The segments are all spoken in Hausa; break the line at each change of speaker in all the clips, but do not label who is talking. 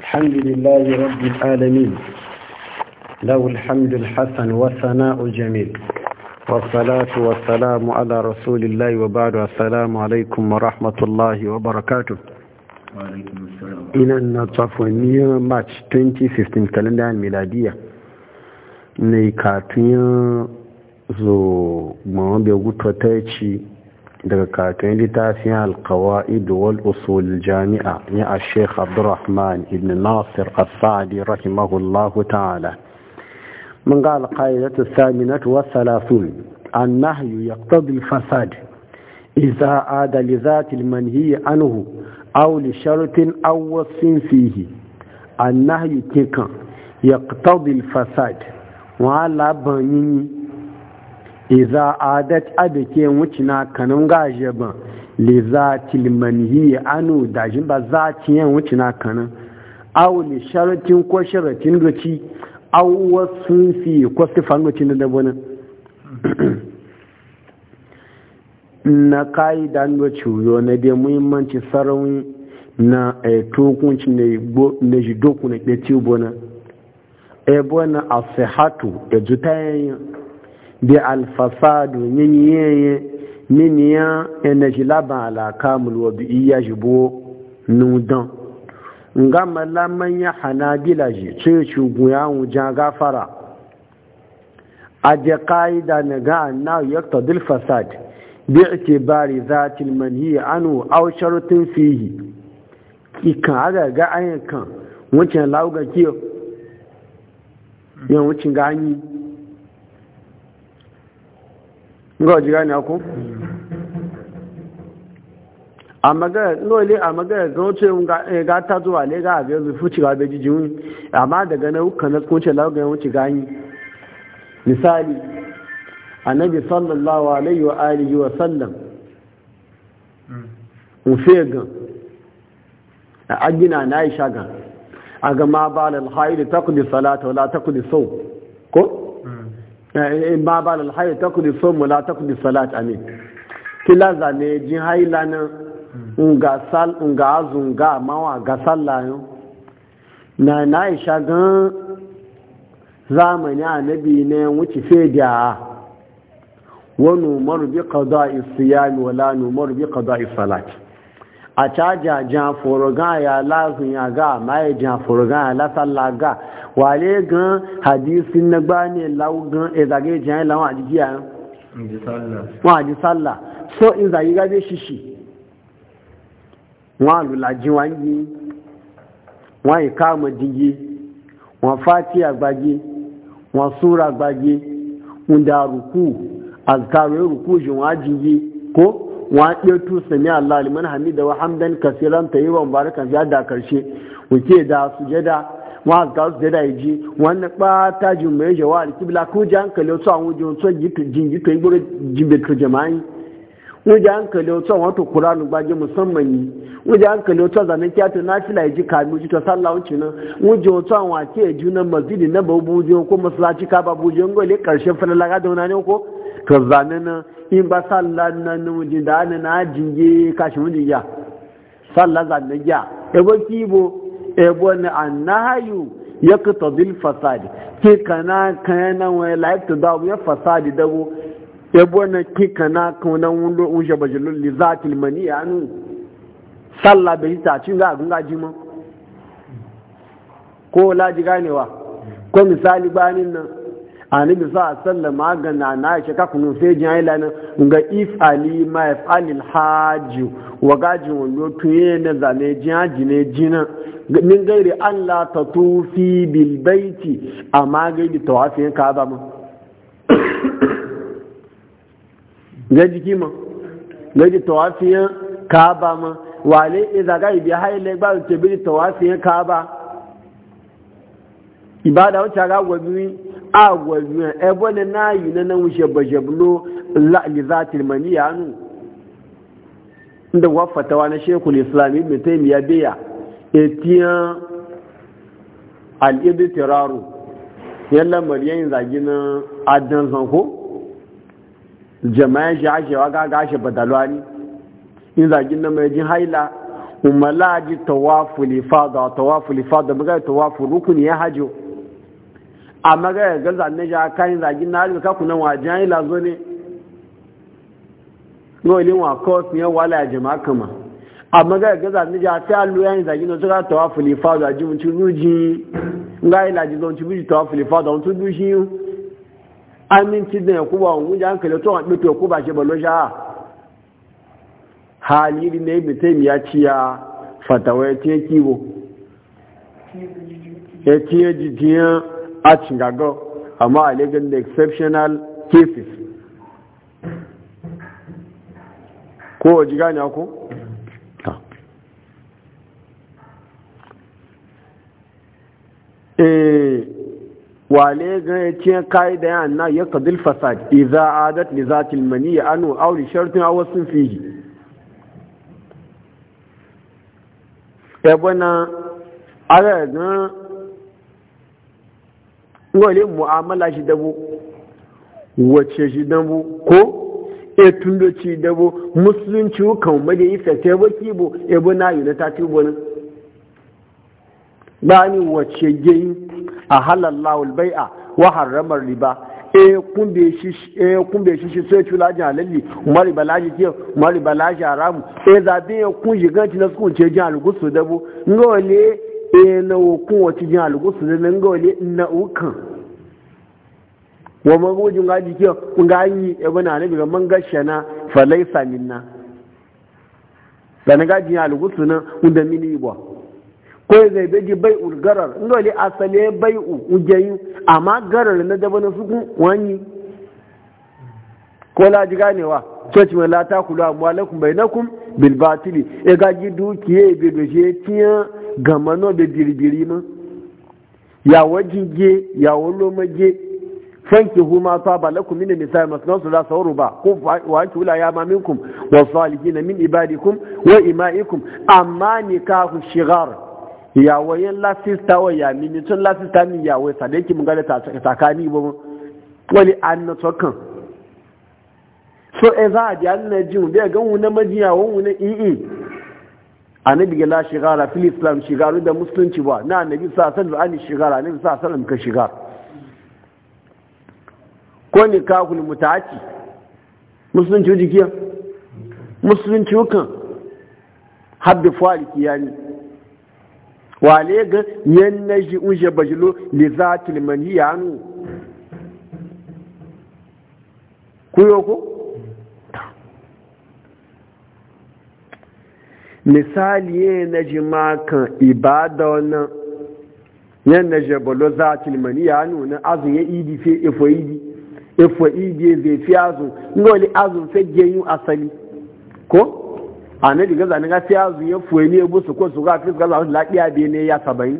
الحمد لله رب العالمين له الحمد الحسن والثناء الجميل والصلاة والسلام على رسول الله وبعد السلام عليكم ورحمة الله وبركاته وعليكم السلام إلى النطفونية ماتش 2015 كالندر الميلادية نيكاتين زو gbọ́n bí ogún daga katon littafin alkawa'id wal usul jami'a ya a sheikh abdurrahman ibn nasir asadi rahimahullahu ta'ala mun ga alƙa'idatu saminatu wa salasun annahyu yaqtadi al-fasad idza ada li zati al anhu aw li shartin aw wasfin fihi annahyu kikan yaqtadi al-fasad wa la banini iza adat abike wucina kanun gaje ban li zatil manhi anu dajin ba yan wucina kanun aw li sharatin ko sharatin gaci aw wasu fi ko sifan gaci da dabona na dan go chuyo na da muhimmanci sarawi na e, tokunci na jidoku na ɗaya e, bona e na asihatu da jutayen bi alfasadu nyinyeye niniya enaji laban alaka mulwabi iya jibo nudan nga malaman ya hanabila ji ce shugun ya wujan gafara a je ka'ida na ga annahu yaqtadil fasad bi itibari zatil manhi anu aw sharatin fihi ikan aga ga ayyukan wucin lauga kiyo yan wucin ganyi ga waje gane ku a magana lole a magana ga wace ga ta zuwa ne ga abin zufu ci ga beji jiwun amma daga na uka na kunce lagos wuce gani misali annabi sallallahu alaihi wa alihi wa sallam gan, a agina na yi ga a gama ba da alhaidu takudi salata wala latakudi sau ko Eh, in ba ba da hayi ta kudi so mula ta kudi salat amin kila zane jin hayi lana nga sal nga azun ga mawa ga sallah yo na na isha gan zamani annabi ne wuce fe da wani umaru bi qada'i siyam wala umaru bi qada'i salat a caja jan forogan ya lazun ya ga maye jan forogan ya lasalla ga wale gan hadisin na gba ne laugan ezage jan e ya lawan ajiki ya wọn aji so izayi zagi shishi wọn alulaji wọn yi wọn yi e kama digi wọn fati agbaje wọn sura agbaje wọn da ruku azkaru e ruku shi wọn ajiye ko wa ɗirtu sami Allah liman hamida wa hamdan kasiran ta yi wa mubarakan ya da karshe wuke da sujada wa ga sujada ya ji wannan ɓata jimbe jawa alkibla ko ji hankali wasu a wujen wasu yi gudu jimbe turjama'i Wuje hankali otu wato kuranu gbaje musamman yi Wuje hankali a zanen kyatu na fila ya ji kami ji ta sallah wuce Wuje otu a wace ya ji na masjidi na babu buje ko masalaci ka babu bujo ngole karshen falalaga da wani ko to zanen na in ba sallah nan wajen da ana na jinge kashi wajen ya sallah zanen ya ebo kibo ebo na annahayu ya kuta bil fasadi ke kana kana wani laif da dawo ya fasadi dago yabo na kika na kuna wulo unje bajilul li zatil mani anu salla bai ta cin ga gunga jima ko laji wa ko misali banin nan bi sa sallama ga na na shi ka kunu sai jin ayla nan ga if ali ma if alil hajj wa gaji wulo tuye ne zane jin haji ne jina min gairi an la tatufi bil baiti a gaidi tawafi ka ba mu ga jiki ma ga ji tawafiyan kaaba ma wale izaga e ibi haile ba ce bi tawafiyan kaaba ibada wacce ga gwabi a gwabi e bone na yi na nan wuce bajablo la li zatil ya nu inda wafatawa na shekul islami ibn taymiya biya e etiyan al-ibtiraru yalla mariyan zagina adan zanko jama'a shi ashewa ga gashe badalwani in zagin na mai jin haila umala ji tawafu lifada tawafu lifada magana tawafu rukuni ya hajo a magana ga zanne ja kan zagin na halika kuna wajen haila zo ne nolin wa kos ne wala ya jama'a kama a magana ga zanne ja ta allo yayin zagin na suka tawafu lifada ji mutu ci ruji ngai la ji zo ci ruji tawafu lifada Mutu ci ruji aminci da ya kuba wani wujan hankali to haɗu to kuba shi balo sha haliri ne bi ta ya ciya fatawa ya ciye kiwo. ya ciye jijiyan a cingago amma a legan da exceptional cases ko wajiga ne ako? wale ga ya ce kai da yan na ya kadil fasad idza adat li zatil maniya anu aw li shartin aw sun fihi ebona ala ga ngole mu'amala shi dabo wace shi dabo ko e tundo ci dabo musulunci kan made yi fete ba kibo ebo na yi na ta ci bonin ba ni wace geyi a bai bai'a wa harramar riba e kun be shi shi sai cula jan halalli umar balaji ke umar balaji aramu. e eh, zabe ya kun shi ganci na sukun ce jan algusu da bu. ngole e na kun wace jan algusu da ngole na ukan wa magoji nga ji ke nga yi ebe na nabi ga man gashana falaisa minna sanin gajin algusu na unda mini ba ko zai beji bai garar ngoli asale bai ujayi amma garar na daba na suku wani ko la laji ganewa coci mai lata ku amma lakum bai na bil batili e gaji dukiye e be doje tiya no da birbiri ma ya je ya ma je fanki ma ta ba lakum min nisa masna su la sauru ba ku wa wula ya ma minkum wa salihin min ibadikum wa imaikum amma ni nikahu shigar ìyàwó lasista wa sísá wọ tun lasista ni tó ńlá sísá mun ìyàwó ìsàdékì mú wani tàkà ní ìbomú wọ́n lè anàtọ́ kàn so ẹ za àdì ànà jìn bí ẹ̀gán wọn náà jìn àwọn wọn ìyìn anabiga la shigara fil islam shigaru da musulunci ba na annabi sa sallu ani shigara annabi sa sallam ka shigar ko ni ka kahul mutaci musulunci jikiya musulunci wukan habbi fali yani wale ga yan na shi unje bajilo li za tilmani ya nu kuyo ko misali yan na ji makan ibada wannan yan na shi balo za tilmani ya nu na azun ya idi fe ifo e idi ifo e idi e zai fi azun ngoli azu fe genyu asali ko ana diga zane ga fiya zu ya fuwe ne busu ko su ga kis ga zawo lafiya be ne ya sabai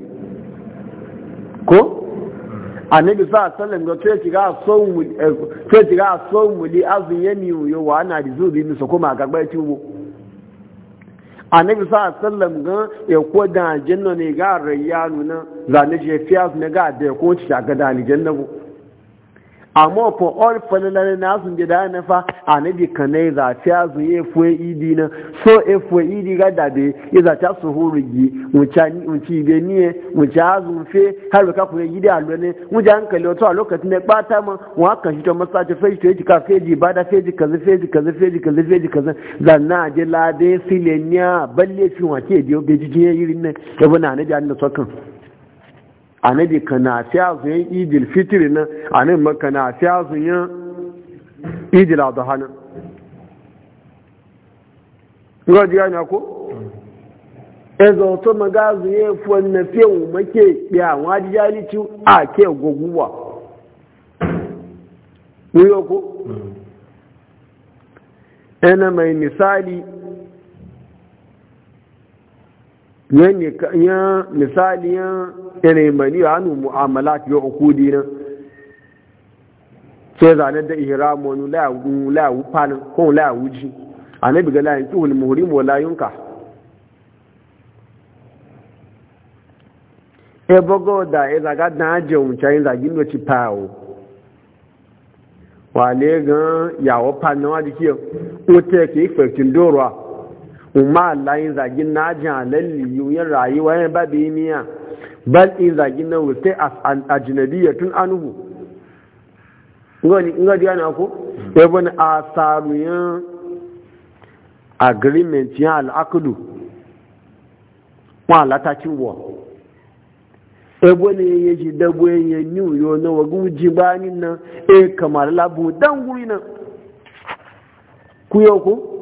ko bi sa sallam ga to shiga son to eh, shiga son muli azun yami yo wa na di zubi mi so kuma ga gbai tubo annabi sa sallam ga ya ko da janna ne ga rayyanu na zane je fiya ne ga da ko ci ga da ni jannabu amma fa all falalar na sun gida na fa a na bi kanai za ta zu ya fuwe idi na so ya fuwe idi ga da be ya za ta su huru gi wuce ibe niye wuce azun fe har ka kuma gidi a lone wuce hankali wato a lokacin da bata ma wa kan shi ta masace fe to yake ka fe ji bada fe ji kaza fe ji kaza fe ji kaza fe ji kaza na je lade silenya balle fi wace biyo be jijin yirin ne yabo na ne bi an da sokan anabi kana fiya zuyan idil fitiri na anabi ma na fiya zuyan idil adha nan ga ji gani ko ezo to maga zuye fuwan na fiye wu make ya wadi jalici a ke goguwa ko ena mai misali yan misali yan yanayi mani a hannun mu'amalat yau ukudi nan sai zane da ihramu wani layawu fanin ko layawu ji a na biga layan kihul muhrim wa layunka e bago da ya e zaga na ajiye wuce yin zagin da ci fayawo wale gan ya yawo fanin wa jikiyar wata yake ikfektin e doruwa umma Allah yin zagin na ji halalli yin rayuwa yin da yi miya bal in zagin na wuce ajinabiya tun anubu nga di ana ko hmm. ebe ni a saru yin agreement yin al'akudu wọn alata ci wọ ebe ni ya ji dabo yin ni uyo na wagu ji ba na e kamar labu dan wuri na kuyo ko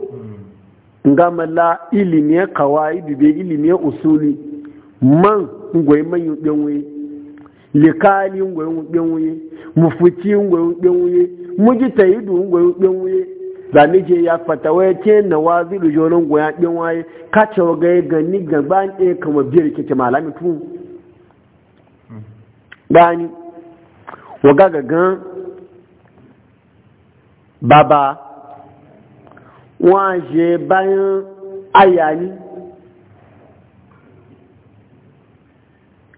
ngama la ilimiyar e kawai bibe ilimiyar e usuli man ngwe man yi ɗanwe likali ngoyi mufuti ngwe yu ɗanwe mujita yi ngwe yu ɗanwe da nije ya fata waya ce na wazi da jonon goya ɗin waye kace wa gani e gaba ɗaya kama biyar kike malami tu gani wa gaga gan baba wọ́n ṣe báyán àyà ní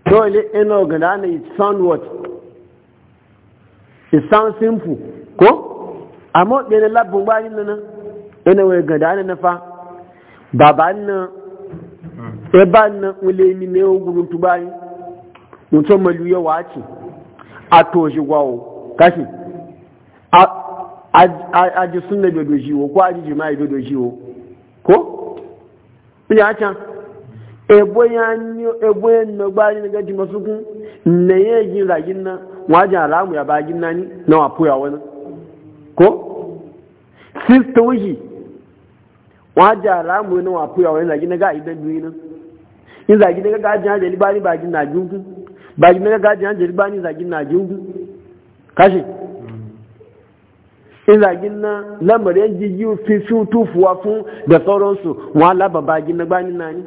tó ilé iná ọ̀gànlá ní it sound what it sound simple ko àmọ́ ìpínlẹ̀ lábùngbà nínú náà iná ọ̀gànlá ní nafa bàbá náà hmm. ẹbá náà wọlé ní ní ogun tó báyìí mutum malu yawa kashi aji sunna bai doji wo ko aji jima'i bai doji wo ko mun ya can ebo ya ni gba ni ga jima na wa ya ba na ni na wa wani ko sista wuji na wani ga idan duyi na in zagi na jeli ba ni ba ba jeli ba ni zagi na kashi izagin na lamarin jijiyu fi su tufuwa fun da sauransu wa lababa gina gbani na ni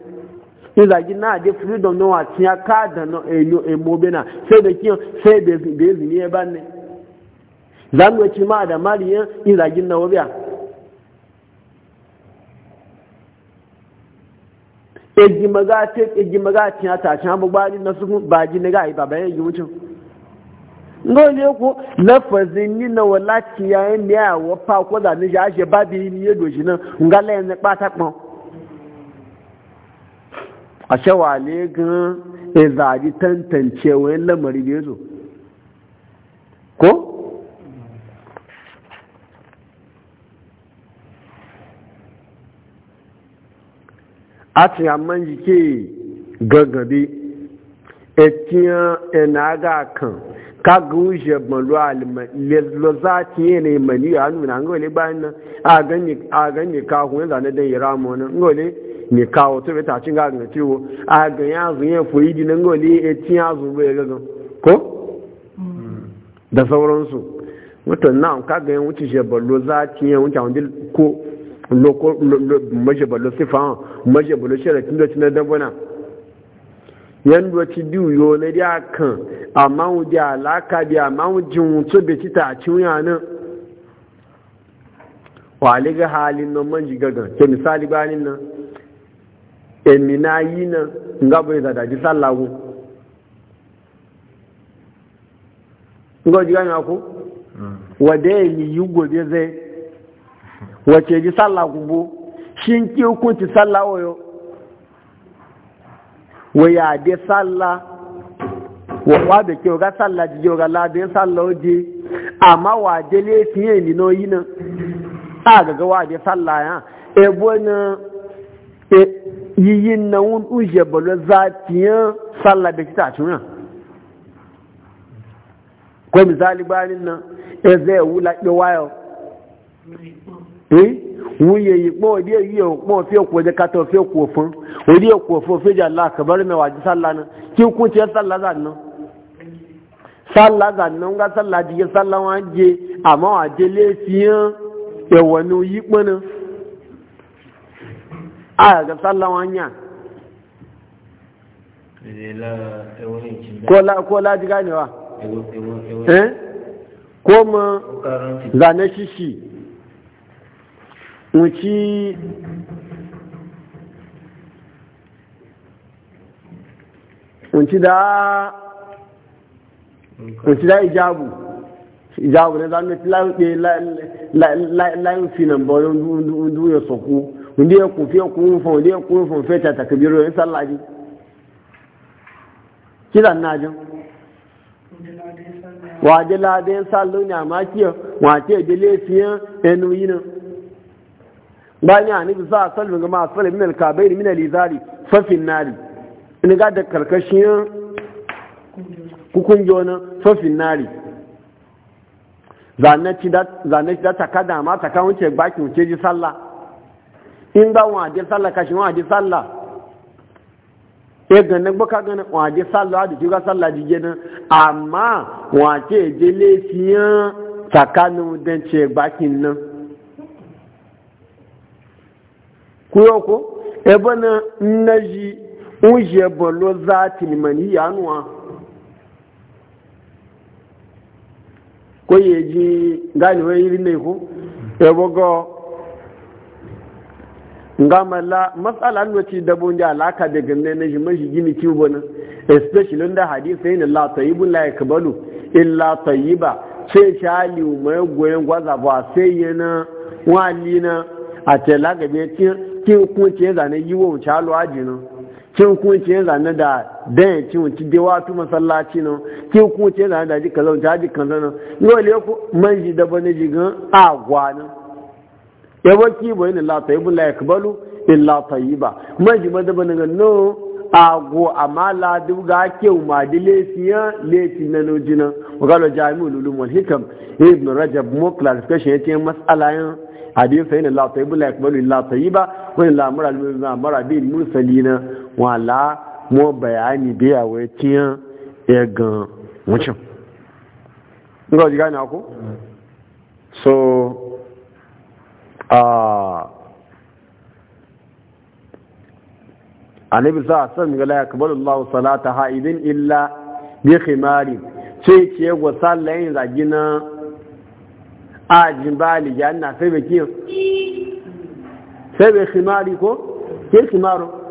gina na ade freedom na a tiya ka da na elo emobe na sai da kiyan sai da izini ya ba ne zamu ya ci ma da mariyan gina na wabiya eji maga tiya tashin abubuwa na su ba ji ne ga yi babayen yi wucin ngole ku lafazin ni na wala ya ni a wo pa ko da ni ja se ba bi ni ye doji na ngale ni pata pon a se wa gan e za di tantance lamari da yazo ko a ti amman jike gaggabe etiyan enaga kan ka guje malu alma lo za ti ne mani ya nuna an gole bayan nan a gan a kawo kuma zane dan ne dan wani an gole ne kawo o to beta cin ga ciwo a gan ganye azu ye foyi din ngole e ya azu bai gaga ko mm. da sauransu mutan nan ka ga wuce je ballo za ti ye wuce wani ko lo ko lo maje ballo sifan maje ballo sharatin da cin da dabona yadda ci biyu na e e da kan amma wuce alaka biya amma wuce wuce bai ci ta cinya nan wale ga halin nan man jigagan ke misali banin nan emina yi nan nga bai zada ji sallawo nga jiga na ku wada ya yi yi gobe zai wace ji sallawo bo shi ki hukunci sallawo yau waya de sallah wa wa ka salla ga sallah ji ga la de sallah oje amma wa de le fiye ni no yina a ga ga wa de salla ya e na e yiyin na un uje bolo zatiya salla da kita tuna ko misali bayanin nan e zai wula ke wayo eh wuye yi po die yi o po fi o ko de ka to fi o ko fun rediyo ko fofe ji Allah ka bar mai waji sallah nan ki sallah zan nan sallah zan nan ga sallah ji sallah amma wani yi kpana a ga sallah wanya ko la ji eh zane shishi wuci kunci da da ijabu ijabu ne za ti lawo de la fi nan bo ndu ndu soku ndi ya kufi ya ku fo ya e ku ta kabiru ya sallaji kidan najin waje laden sallo ne amma kiyo wace da lafiyan enu yi nan bayan ya nufi sa sallo ga masu sallo min alkabai min alizari fafin nari in ga da karkashin hukunjo na sofin nari zane ci da taka da ma taka wuce baki wuce ji sallah in ba wa adi sallah kashi wa adi sallah e ganin gbaka ganin wa adi sallah da kiga sallah ji gina amma wa ce je lefiyan tsakanin don ce bakin nan kuyoko ko ebe na nnaji uje bolo zati mani yanwa ko yeji ngani we yiri ne ko e bogo ngamala masala no ci dabo nda alaka da ganne na shi mashi gini ci bona especially da hadisi ne la tayyibun la yakbalu illa tayyiba na a tela gabe kin kunce yin zane da dan kin wuce de wato masallaci nan kin kunce ce zane da ji kaza ta ji kaza nan yau le ku manji da bane ji gan agwa nan ya waki boye ne la tayyibu la yakbalu illa tayyiba manji ma da bane gan no agwo amma la ga ke ma di lesiya lesi na noji nan wakalo jami'ul ulum wal hikam ibn rajab mo clarification yace mas'alayan hadisi ne la tayyibu la yakbalu illa tayyiba wa la amara al-mursalina wala mo bayani biya wai tiyan ya gan wucin ga ji gane ku so ah, a annabi sa san ga la yakbalu Allahu salata haidin illa bi khimari sai ce go sallayin zagina ajin ba bali janna sai bai kiyo sai be khimari ko ke khimaro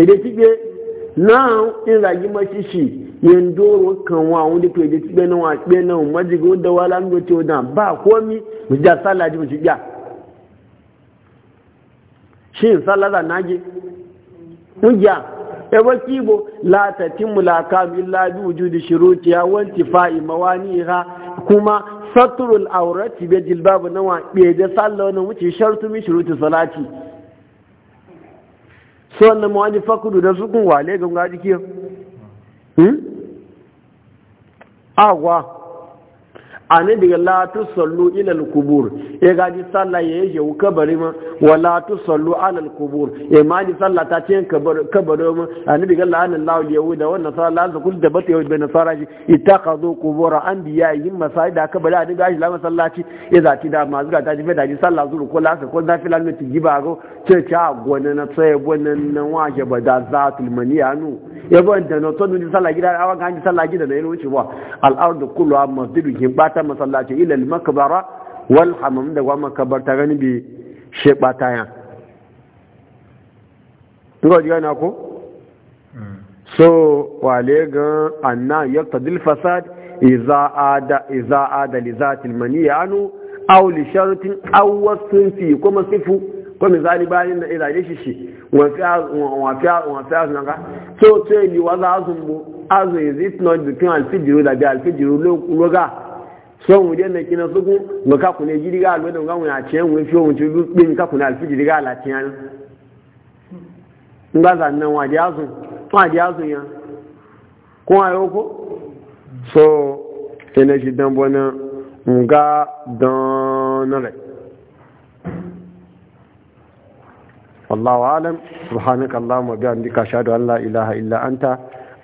èdè gbígbé náà ma mọ́ ṣíṣì yẹn dóró kan wọn àwọn dípò èdè gbígbé náà wọn àgbẹ̀ náà mọ́jìgì da dẹwà lánàá tí ó dàn ba àkọ́ mi mo ti dà sálàdì mo ti gbà ṣe ń sálàdà náàjẹ́ ń jà ẹwọ́ kí ibo látàtí mùlàkà e mi lábí ojú di ṣòro tí a ti fa ìmọ̀wá ní ìhà kuma saturul aurati bai jilbabu na wa ɓe da sallah wani wuce shartu mi shuruti salati so wannan ma fakudu su kun wale ga ngaji hmm? agwa ani diga la tu sallu ila al-qubur e ga ji salla ye je u kabari ma wa latu tu sallu ala al-qubur e ma ji salla ta ce kabar kabaro ma ani diga la an Allah yahuda wa nasara la kul da bata yahud bin nasara ji ittaqadu qubur yin masaida kabari ani ga ji la masallaci e za ti da ma zuga ta ji da ji salla zuru ko la ko da filan ne ti giba go ce ta gona na tsaye gwanan nan wa je ba da zatul maniyanu e ban da no to ni salla gida awa ga ji salla gida ne ne wuce ba al-ardu kullu masjidu kin bata ta masallaci ilal makbara wal hamam da wa makabarta gani bi sheba ta yan ngo diga na ko hmm. so wale ga anna yaqtadil fasad idza ada idza ada li zati al maniya anu aw li shartin aw wasfin fi kuma sifu ko misali bayin da ila ne shi wa fi wa fi wa fi azun ga so ce li wa za azun bu azun is it not between al fijr da bi al fijr lo ga so mu den kina suku mu ka kune jiri ga alwe don ga mu ya ce mu fi mu ci bin ka kuna alfi jiri ga nga zan nan wa jazu wa jazu ya ko ayo ko so ene ji dan bona nga dan nale wallahu alam subhanaka allahumma bihamdika ashhadu an la ilaha illa anta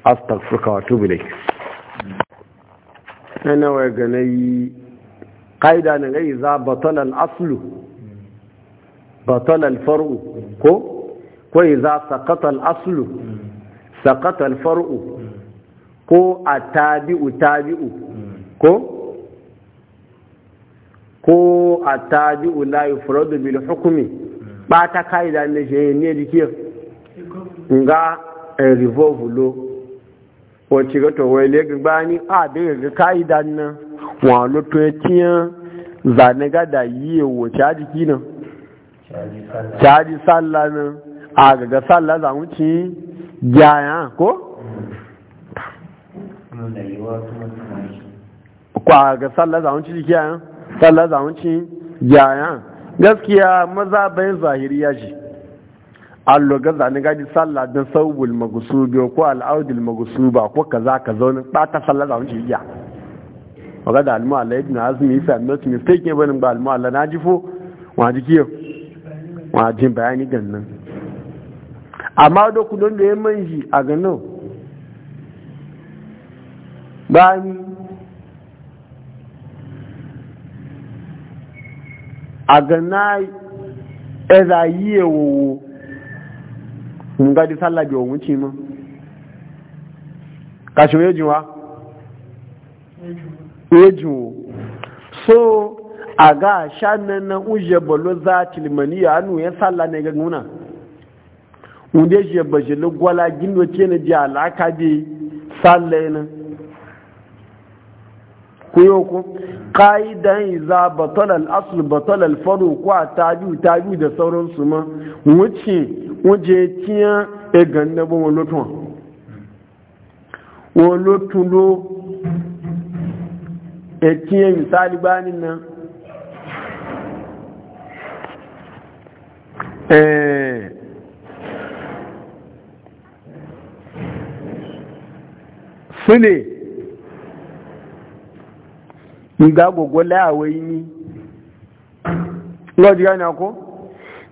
astaghfiruka wa atubu ilayk ana wa ganayi qaida na gai za batala al-aslu batala al-far'u ko ko idza saqata al-aslu saqata al-far'u ko a tabi'u ko ko atabi'u la yufradu bil hukmi ba ta kaida ne je ne dikir nga eh, revolve lo wacce ga towai le gbani Ni daga ga ka'idan nan wani to ya ah, tiya zane gada yi yawo caji kinan caji sallah nan a gaga sálà za mu ci ko? kwa ga sallah za mu ci gyaya sallah gaskiya allo ga zane gaji sallah don saubul magusubi ko al'audul magusuba ko kaza ka zaune bata sallah da shi iya waga da almu Allah ibn Azmi yi sami not mistake bane ba almu Allah na ji fo wa ji kiyo wa ji bayani gannan amma da ku don da ya manji a gannan bani a ganna ezayi ewowo mun gadi sallah bi won wuce mu ka shi yejin wa yejin so aga shanan na uje bolo zatil maniya anu ya sallah ne ga nuna unde je bajelo gwala gindo na ji alaka bi sallah ne kuyoko ka'idan iza batal al-asl batal al-faru kwa taju taju da sauransu ma wuce wọ́n jẹ́ tíyán ẹgàn nẹ́bọ́ wọn lótún wọn lótún ló ẹ̀tíyàn ìsáàlìgbá nínú ẹ̀ẹ́ ìgbàgbogbo láàwẹ̀ yìí ní lọ́jọ́ ìrìnàkó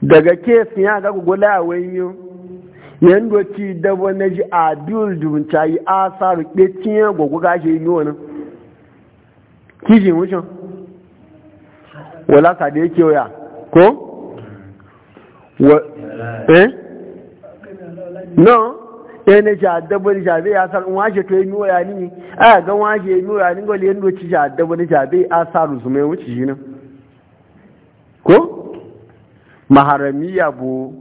daga kesin ya ga gugula a wayo yadda ci dabo na ji a duk dubunta yi a sa rikpe tiye gugu gashi yi wani kiji wucin wala sa da yake waya ko? eh? no ɗaya eh, na shi dabo ni jabe ya sa waje to yi waya ni a ga waje yi waya ni gwale yadda ci shi addaba ni shabe a sa rusumai wuce shi nan maharamiya bu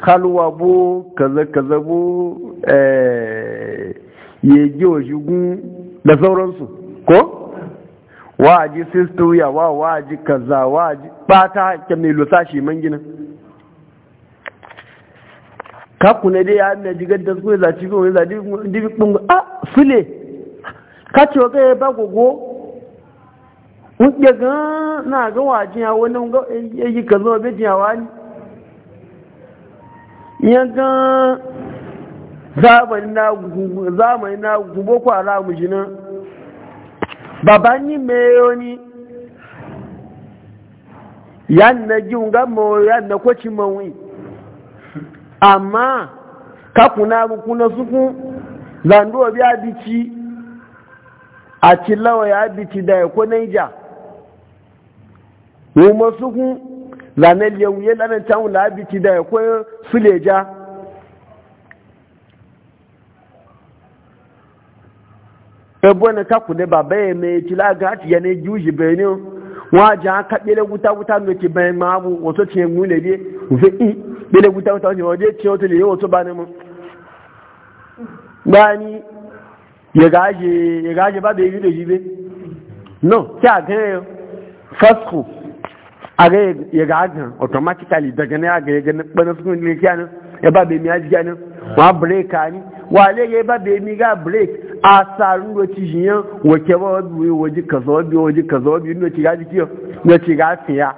halwa bu kaza-kaza bu yege wa da sauransu ko waji sistoya wa waji kaza waji bata ke mai lusa shi man gina kaku ne dai ya na jigar da su ya zaci biyu ya zaci biyu a sule ka ce wa ba gogo wuɗe gan na ga wajen yawo nan yi ka zo bai jiyawa ne ya gan zamani na gubo kwara mu jina baban ni meyo ya na ji nga mo ya na kwaci mawi amma kakuna kuna suku zanduwa biya bici a cilawa ya bici da ya ko naija mu masu kun ranar yau ya lana can labiti da ya koyar suleja ebe kaku ne baba mai ci laga ci ya ne a benin wajen aka ɗele wuta-wuta ne ke bayan mabu wato ce mu ne ne fi i ɗele wuta-wuta ne wajen ce wato ne wato ba ne mu gani ya gaje ba da yi da jibe no kya gane aga ya ga ajin automatically daga na ga ya ga bana sun ne kiyan ya ba be mi aji kiyan wa break ani wa le ya ba be mi break a saru ro ci jiyan wa ke ba bi wa ji ka zo bi wa ji ka zo bi no ci ga ji kiyo ci ga fiya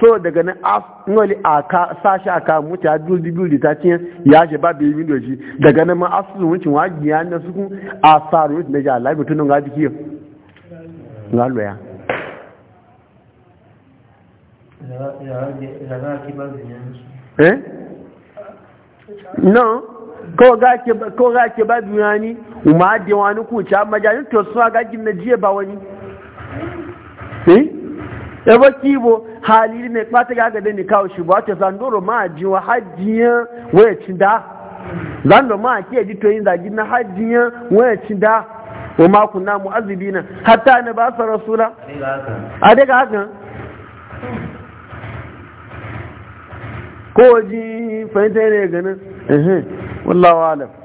so daga na af noli aka sashi aka mutu a dubu biyu da ta ce ya ce ba bai min doji daga na ma asu wucin wa giya na suku a saru da ja labi tunun ga ji kiyo ga ya. eh no ko ga ke ko ga ke ba duniya umma da wani ku ci amma jani to su ga gin na jiye ba wani eh e ba kibo halili ne kwata ga ga ni kawo shi ba ta sandoro ma ji wa hajjiya waya cinda zando ma ke ji to yin da gin na hajjiya waya cinda wa ma kunna mu'azzibina hatta na ba sa rasula a daga hakan ko ji fahimta ne ganin wallawa alam